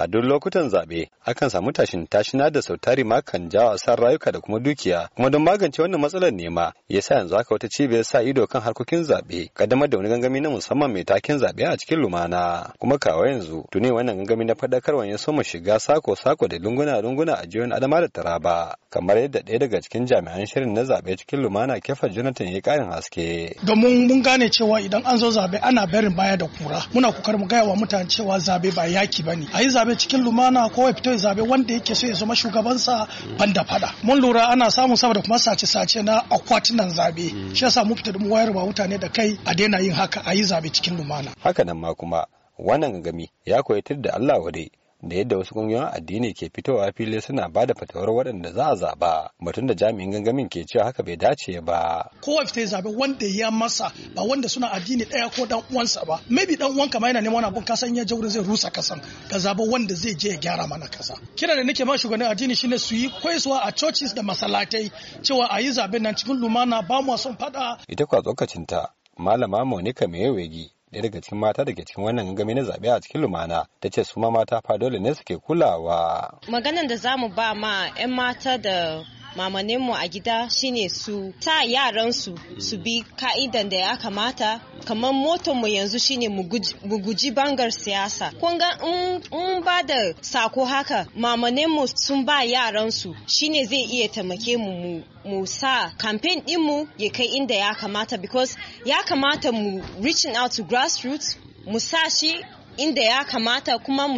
a duk lokutan zaɓe akan samu tashin tashina da sautari ma kan jawo asar rayuka da kuma dukiya kuma don magance wannan matsalar nema ya sa yanzu aka wata cibiyar sa ido kan harkokin zaɓe kaddamar da wani gangami na musamman mai takin zaɓe a cikin lumana kuma kawo yanzu tuni wannan gangami na faɗakarwa ya soma shiga sako sako da lunguna lunguna a jiyoyin adama da taraba kamar yadda ɗaya daga cikin jami'an shirin na zaɓe cikin lumana kefa jonathan ya ƙarin haske. domin mun gane cewa idan an zo zaɓe ana barin baya da kura muna kukar mu gaya wa mutane cewa zaɓe ba yaki ba ne a yi zaɓe zabe cikin lumana ko ya fito ya zabe wanda yake so ya zama shugabansa ban da fada mun lura ana samun saboda kuma sace sace na akwatunan zaɓe mm. shi yasa mu fita da mu wayar ba mutane da kai a daina yin haka a yi zabe cikin lumana haka nan ma kuma wannan gangami ya koyatar da Allah wadai da yadda wasu kungiyoyin addini ke fitowa fili suna ba da fatawar waɗanda za a zaɓa batun da jami'in gangamin ke cewa haka bai dace ba. Kowa fita zaɓe wanda ya masa ba wanda suna addini ɗaya ko dan uwansa ba. Maybe dan uwanka ma yana neman abun kasan ya jaurin zai rusa kasan ka zaɓe wanda zai je ya gyara mana kasa. Kira da nake ma shugaban addini shine su yi kwaisuwa a churches da masalatai cewa a yi zaɓen nan cikin lumana ba mu son faɗa. Ita kwa tsokacinta Malama Monica Mewegi. ɗaya daga cikin mata da ke cikin wannan gangami na zaɓe a cikin lumana ta ce su ma mata fa dole ne suke kulawa maganan da za mu ba ma 'yan mata da mamaninmu a gida shine su ta yaransu su bi ka'idan da ya kamata kamar motonmu yanzu shine mu guji bangar siyasa kun ga in ba da sako haka mamaninmu sun ba yaransu shine zai iya taimake mu mu sa campaign dinmu ya kai inda ya kamata because ya kamata mu reaching out to grassroots mu sa shi inda ya kamata kuma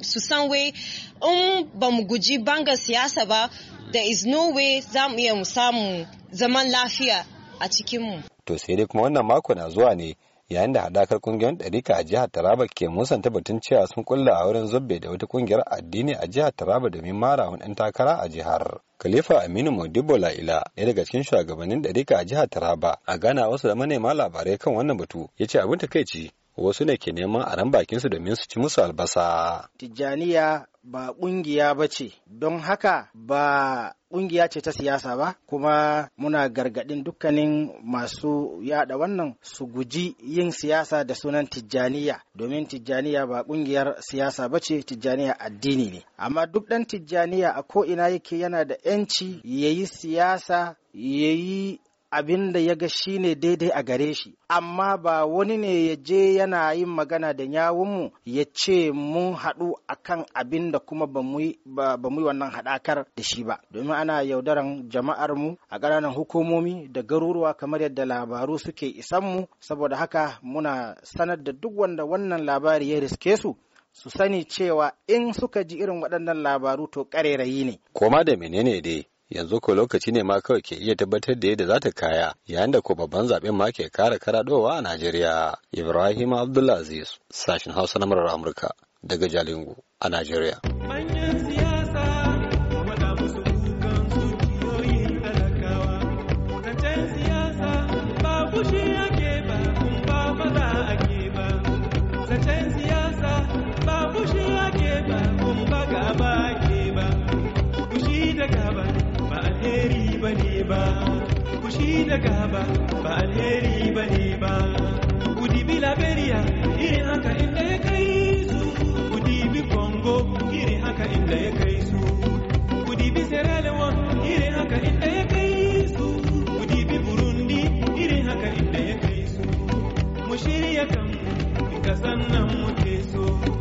su san wai in ba mu guji bangar siyasa ba there is no way za mu iya mu samu zaman lafiya a cikinmu. To sai dai kuma wannan mako na zuwa ne yayin da hadakar ƙungiyar ɗarika a jihar Taraba ke musanta batun cewa sun kulla a wurin zobe da wata ƙungiyar addini a jihar Taraba domin mara yan takara a jihar. Khalifa Aminu Modibo La'ila ɗaya daga cikin shugabannin ɗarika a jihar Taraba a gana wasu da manema labarai kan wannan batu ya ce abin takaici wasu ne ke neman a ran su domin su ci musu albasa. Tijjaniya ba ƙungiya ba ce, don haka ba ƙungiya ce ta siyasa ba, kuma muna gargaɗin dukkanin masu yaɗa wannan su guji yin siyasa da sunan Tijjaniya, domin Tijjaniya ba ƙungiyar siyasa ba ce, Tijjaniya addini ne. Amma duk ɗan Tijjaniya a ko'ina yake yana da ‘yanci ya yi siyasa, ya yi abin da ya ga shi ne daidai a gare shi amma ba wani ne ya je yana yin magana da yawunmu ya ce mun haɗu akan abin da kuma ba mu yi wannan haɗakar da shi ba domin ana yaudaran jama'armu a ƙananan hukumomi da garuruwa kamar yadda labaru suke isanmu, saboda haka muna sanar da duk wanda wannan labari ya riske su su sani cewa in suka ji irin waɗannan labaru to ƙarerayi ne koma da menene dai yanzu ko lokaci ne ma kawai ke iya tabbatar da yadda za ta kaya yayin da ko babban zaben ma ke kara karadowa a Najeriya Ibrahim Abdulaziz sashin Hausa na murar Amurka daga Jalingo a Najeriya fushi da gaba ba alheri ba ne ba kudi bi liberia irin haka inda ya kai su bi congo iri haka inda ya kai su bi sierra leone iri haka inda ya kai su bi burundi iri haka inda ya kai su mu shirya kan kasan nan muke so